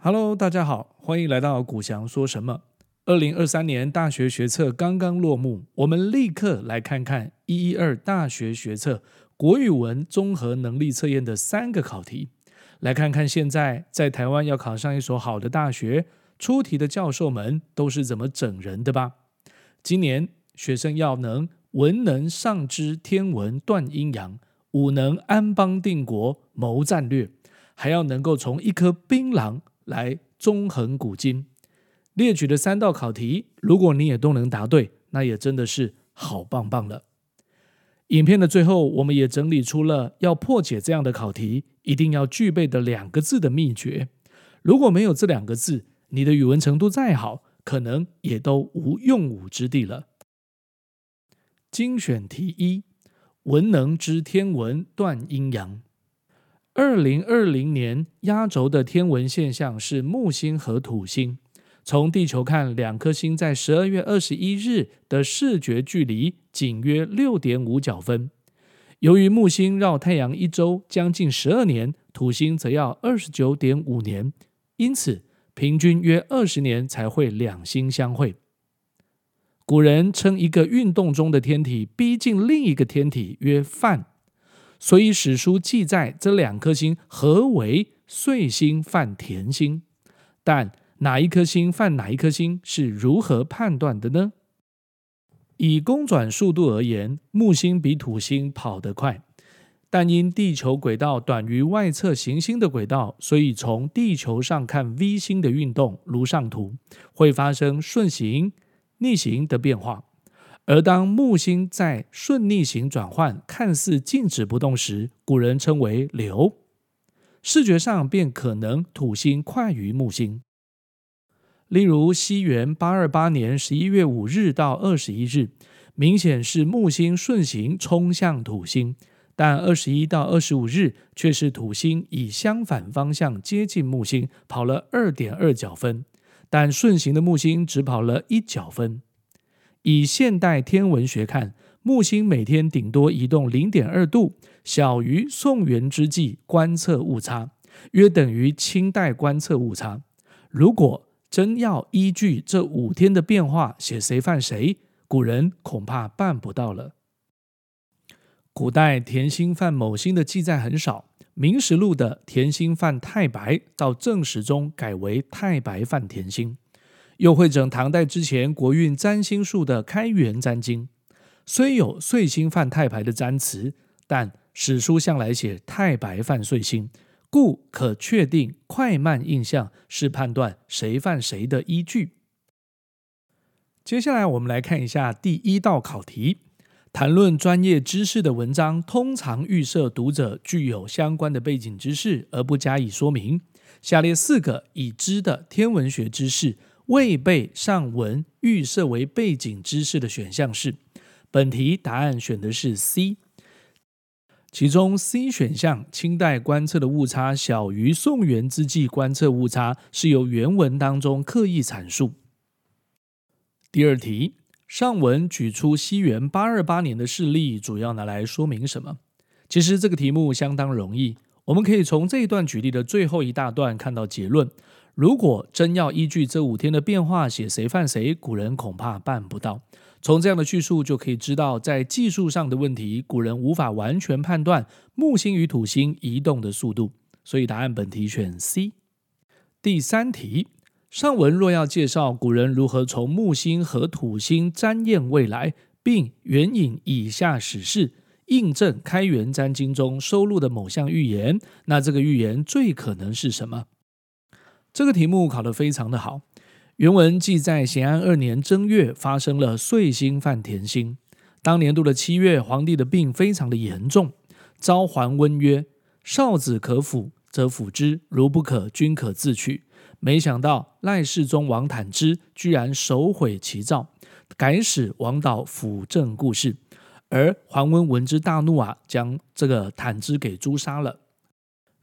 Hello，大家好，歡迎來到古祥說什麼。二零二三年大學學測剛剛落幕，我們立刻來看看一一二大學學測國語文綜合能力測驗的三個考題，來看看現在在台灣要考上一所好的大學，出題的教授們都是怎麼整人的吧。今年學生要能文能上知天文斷陰陽，武能安邦定國謀戰略，還要能夠從一顆檳榔來縱橫古今，列舉的三道考題，如果你也都能答對，那也真的是好棒棒了。影片的最後，我們也整理出了要破解這樣的考題，一定要具備的兩個字的秘訣。如果沒有這兩個字，你的語文程度再好，可能也都無用武之地了。精選題一，文能知天文，斷陰陽。二零二零年壓軸的天文現象是木星和土星。從地球看，兩顆星在十二月二十一日的視覺距離僅約六點五角分。由於木星繞太陽一周將近十二年，土星則要二十九點五年，因此平均約二十年才會兩星相會。古人稱一個運動中的天體逼近另一個天體，約犯。所以史書記載這兩顆星合為歲星犯填星，但哪一顆星犯哪一顆星是如何判斷的呢？以公轉速度而言，木星比土星跑得快，但因地球軌道短於外側行星的軌道，所以從地球上看 V 星的運動，如上圖，會發生順行、逆行的變化。而當木星在順逆行轉換，看似靜止不動時，古人稱為留，視覺上便可能土星快於木星。例如西元八二八年十一月五日到二十一日，明顯是木星順行衝向土星，但二十一到二十五日卻是土星以相反方向接近木星，跑了二點二角分，但順行的木星只跑了一角分。以現代天文學看，木星每天頂多移動零點二度，小於宋元之際觀測誤差，約等於清代觀測誤差。如果真要依據這五天的變化寫誰犯誰，古人恐怕辦不到了。古代田星犯某星的記載很少，《明實錄》的田星犯太白，到正史中改為太白犯田星。又會整唐代之前國運占星術的開元占經，雖有歲星犯太白的占辭，但史書向來寫太白犯歲星，故可確定快慢印象是判斷誰犯誰的依據。接下來我們來看一下第一道考題：談論專業知識的文章通常預設讀者具有相關的背景知識而不加以說明。下列四個已知的天文學知識。未被上文預設為背景知識的選項是。本題答案選的是 C。其中 C 選項，清代觀測的誤差小於宋元之際觀測誤差，是由原文當中刻意闡述。第二題，上文舉出西元八二八年的事例，主要拿來說明什麼？其實這個題目相當容易，我們可以從這一段舉例的最後一大段看到結論。如果真要依據這五天的變化寫誰犯誰，古人恐怕辦不到。從這樣的敘述就可以知道，在技術上的問題，古人無法完全判斷木星與土星移動的速度。所以答案本題選 C。第三題，上文若要介紹古人如何從木星和土星占驗未來，並援引以下史事印證《開元占經》中收錄的某項預言，那這個預言最可能是什麼？這個題目考得非常的好。原文記載咸安二年正月發生了歲星犯田星，當年度的七月，皇帝的病非常的嚴重。昭桓溫曰：“少子可輔，則輔之；如不可，君可自取。”沒想到賴侍中王坦之居然手毀其詔，改使王導輔政故事，而桓溫聞之大怒啊，將這個坦之給誅殺了。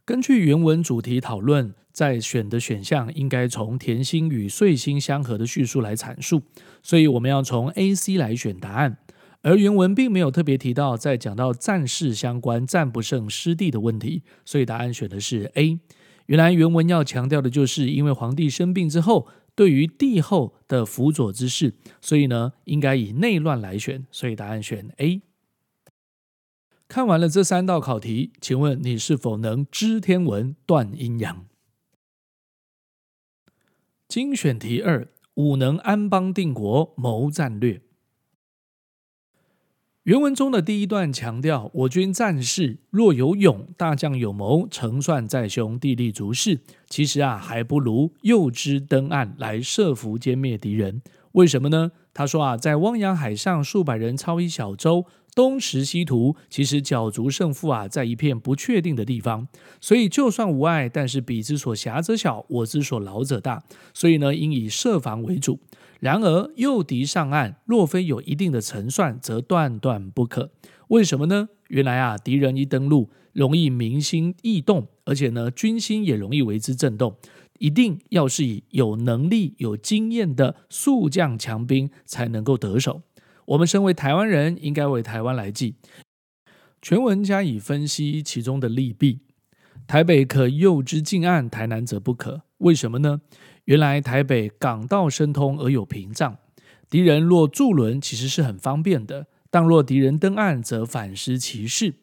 根據原文主題討論。在選的選項應該從天心與碎星相合的敘述來闡述，所以我們要從 A、C 來選答案。而原文並沒有特別提到在講到戰事相關、戰不勝失地的問題，所以答案選的是 A。原來原文要強調的就是因為皇帝生病之後，對於帝後的輔佐之事，所以呢應該以內亂來選，所以答案選 A。看完了這三道考題，請問你是否能知天文斷陰陽？精選題二：武能安邦定國謀戰略。原文中的第一段強調，我軍戰士若有勇，大將有謀，成算在胸，地利足恃。其實啊，還不如誘之登岸來設伏殲滅敵人。為什麼呢？他說啊，在汪洋海上，數百人操一小舟。東食西圖，其實角逐勝負啊，在一片不確定的地方，所以就算無礙，但是彼之所狹者小，我之所勞者大，所以呢，應以設防為主。然而誘敵上岸，若非有一定的成算，則斷斷不可。為什麼呢？原來啊，敵人一登陸，容易民心異動，而且呢，軍心也容易為之震動，一定要是以有能力、有經驗的宿將強兵才能夠得手。我們身為台灣人，應該為台灣來計。全文加以分析其中的利弊。台北可誘之進岸，台南則不可。為什麼呢？原來台北港道深通而有屏障，敵人若駐輪，其實是很方便的；但若敵人登岸，則反失其勢。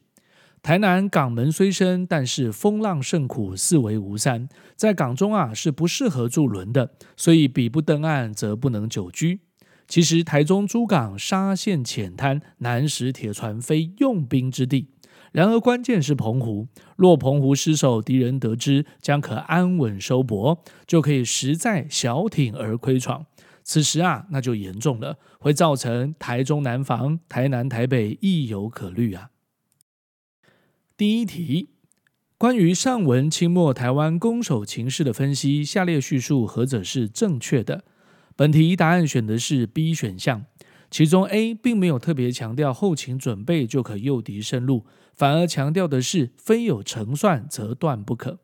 台南港門雖深，但是風浪甚苦，四圍無山，在港中啊是不適合駐輪的，所以彼不登岸，則不能久居。其實，臺中、諸港、沙線淺灘、難使鐵船，非用兵之地。然而，關鍵是澎湖。若澎湖失守，敵人得知將可安穩收泊，就可以實在小艇而窺闖。此時啊，那就嚴重了，會造成台中南防，台南、台北亦有可慮啊。第一題，關於上文清末台灣攻守情勢的分析，下列敘述何者是正確的？本題答案選的是 B 選項，其中 A 並沒有特別強調後勤準備就可誘敵深入，反而強調的是非有成算則斷不可。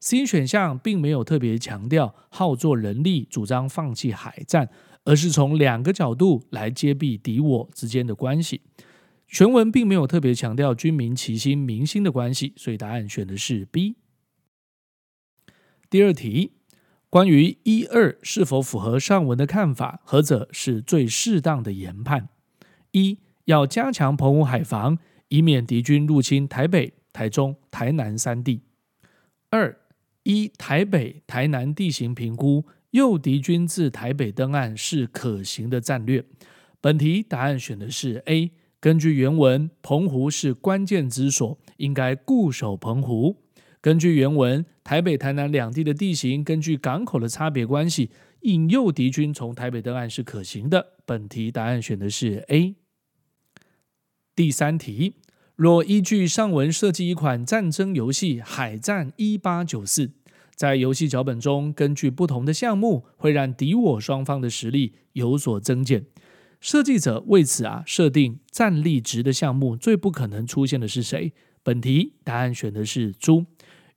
C 選項並沒有特別強調好做人力主張放棄海戰，而是從兩個角度來揭蔽敵我之間的關係。全文並沒有特別強調軍民齊心民心的關係，所以答案選的是 B。第二題。關於一二是否符合上文的看法，何者是最適當的研判？一要加強澎湖海防，以免敵軍入侵台北、台中、台南三地。二一台北、台南地形評估，誘敵軍自台北登岸是可行的戰略。本題答案選的是 A。根據原文，澎湖是關鍵之所，應該固守澎湖。根據原文，台北、台南兩地的地形，根據港口的差別關係，引誘敵軍從台北登岸是可行的。本題答案選的是 A。第三題，若依據上文設計一款戰爭遊戲《海戰一八九四》，在遊戲腳本中，根據不同的項目，會讓敵我雙方的實力有所增減。設計者為此啊，設定戰力值的項目，最不可能出現的是誰？本題答案選的是豬。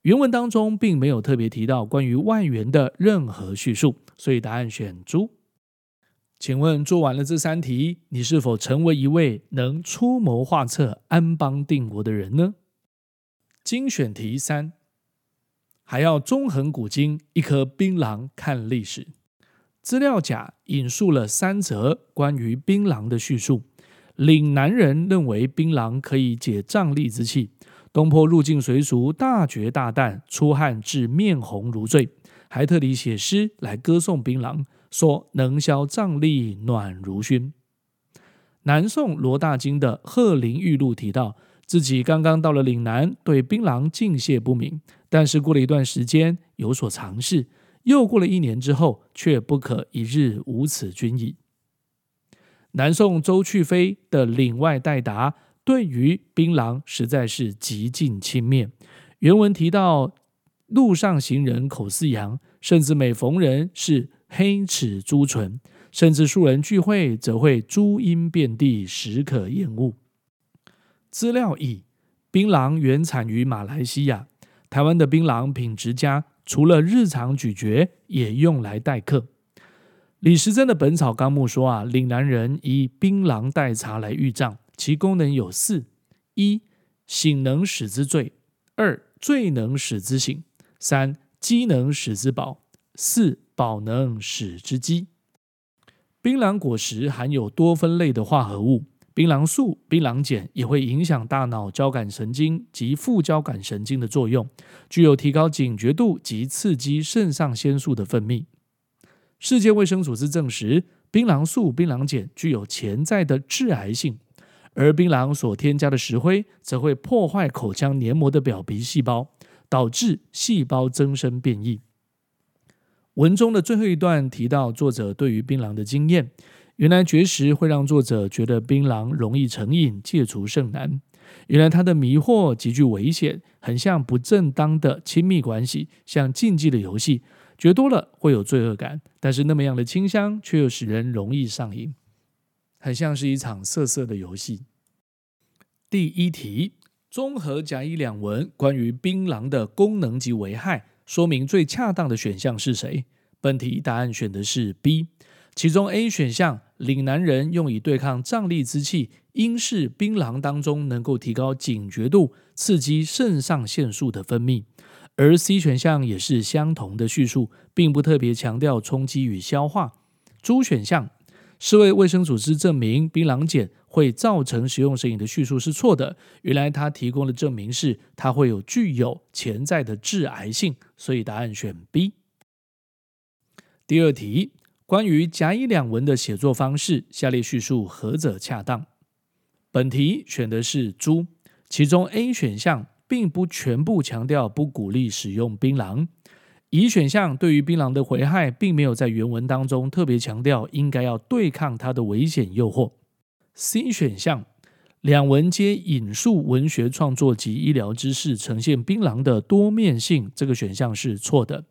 原文當中並沒有特別提到關於萬元的任何敘述，所以答案選豬。請問做完了這三題，你是否成為一位能出謀劃策、安邦定國的人呢？精選題三，還要縱橫古今，一顆檳榔看歷史。資料甲引述了三則關於檳榔的敘述。嶺南人認為檳榔可以解瘴癘之氣，東坡入境隨俗，大嚼大啖，出汗至面紅如醉，還特地寫詩來歌頌檳榔，說能消瘴癘，暖如熏。南宋羅大經的《鶴林玉露》提到，自己剛剛到了嶺南，對檳榔敬謝不敏，但是過了一段時間有所嘗試，又過了一年之後，卻不可一日無此君矣。南宋周去非的《嶺外代答》對於檳榔實在是極盡輕蔑。原文提到，路上行人口似羊，甚至每逢人是黑齒朱唇，甚至數人聚會則會朱音遍地，實可厭惡。資料乙：檳榔原產於馬來西亞，台灣的檳榔品質佳，除了日常咀嚼，也用來待客。.李時珍的《本草綱目》說啊，嶺南人以檳榔代茶來御瘴，其功能有四：一醒能使之醉；二醉能使之醒；三飢能使之飽；四飽能使之飢。檳榔果實含有多酚類的化合物，檳榔素、檳榔鹼也會影響大腦交感神經及副交感神經的作用，具有提高警覺度及刺激腎上腺素的分泌。世界衛生組織證實，檳榔素、檳榔鹼具有潛在的致癌性，而檳榔所添加的石灰則會破壞口腔黏膜的表皮細胞，導致細胞增生變異。文中的最後一段提到作者對於檳榔的經驗，原來絕食會讓作者覺得檳榔容易成癮，戒除甚難。原來它的迷惑極具危險，很像不正當的親密關係，像禁忌的遊戲。嚼多了會有罪惡感，但是那麼樣的清香卻又使人容易上癮，很像是一場色色的遊戲。第一題，綜合甲乙兩文關於檳榔的功能及危害，說明最恰當的選項是誰？本題答案選的是 B。其中 A 選項，嶺南人用以對抗瘴癘之氣，應是檳榔當中能夠提高警覺度，刺激腎上腺素的分泌。而 C 選項也是相同的敘述，並不特別強調衝擊與消化。D 選項，世衛衛生組織證明檳榔鹼會造成食用成癮的敘述是錯的。原來它提供的證明是它會有具有潛在的致癌性，所以答案選 B。第二題，關於甲乙兩文的寫作方式，下列敘述何者恰當？本題選的是 D，其中 A 選項。並不全部強調不鼓勵使用檳榔。乙選項對於檳榔的危害，並沒有在原文當中特別強調，應該要對抗它的危險誘惑。C 選項，兩文皆引述文學創作及醫療知識，呈現檳榔的多面性。這個選項是錯的。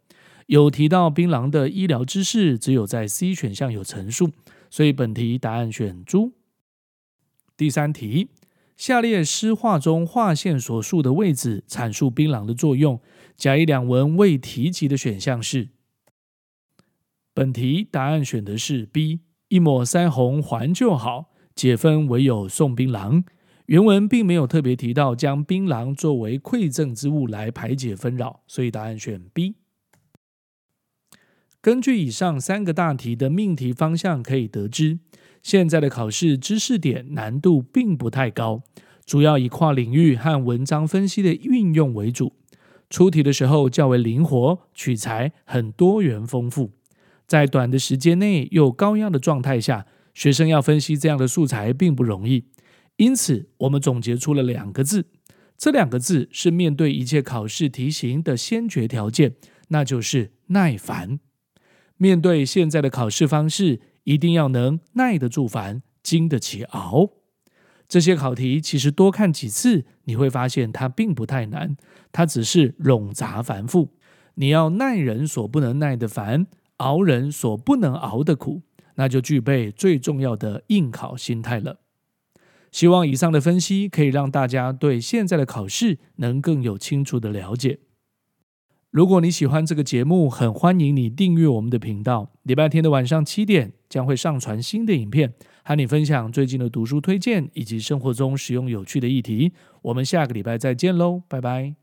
有提到檳榔的醫療知識，只有在 C 選項有陳述，所以本題答案選豬。第三題。下列詩畫中畫線所述的位置闡述檳榔的作用，甲乙兩文未提及的選項是。本題答案選的是 B。一抹腮紅還就好，解紛唯有送檳榔。原文並沒有特別提到將檳榔作為饋贈之物來排解紛擾，所以答案選 B。根據以上三個大題的命題方向，可以得知，現在的考試知識點難度並不太高，主要以跨領域和文章分析的運用為主。出題的時候較為靈活，取材很多元豐富，在短的時間內又高壓的狀態下，學生要分析這樣的素材並不容易。因此，我們總結出了兩個字，這兩個字是面對一切考試題型的先決條件，那就是耐煩。面對現在的考試方式，一定要能耐得住煩，經得起熬。這些考題其實多看幾次，你會發現它並不太難，它只是冗雜繁複。你要耐人所不能耐的煩，熬人所不能熬的苦，那就具備最重要的應考心態了。希望以上的分析可以讓大家對現在的考試能更有清楚的了解。如果你喜歡這個節目，很歡迎你訂閱我們的頻道。禮拜天的晚上七點將會上傳新的影片，和你分享最近的讀書推薦以及生活中實用有趣的議題。我們下個禮拜再見嘍，拜拜。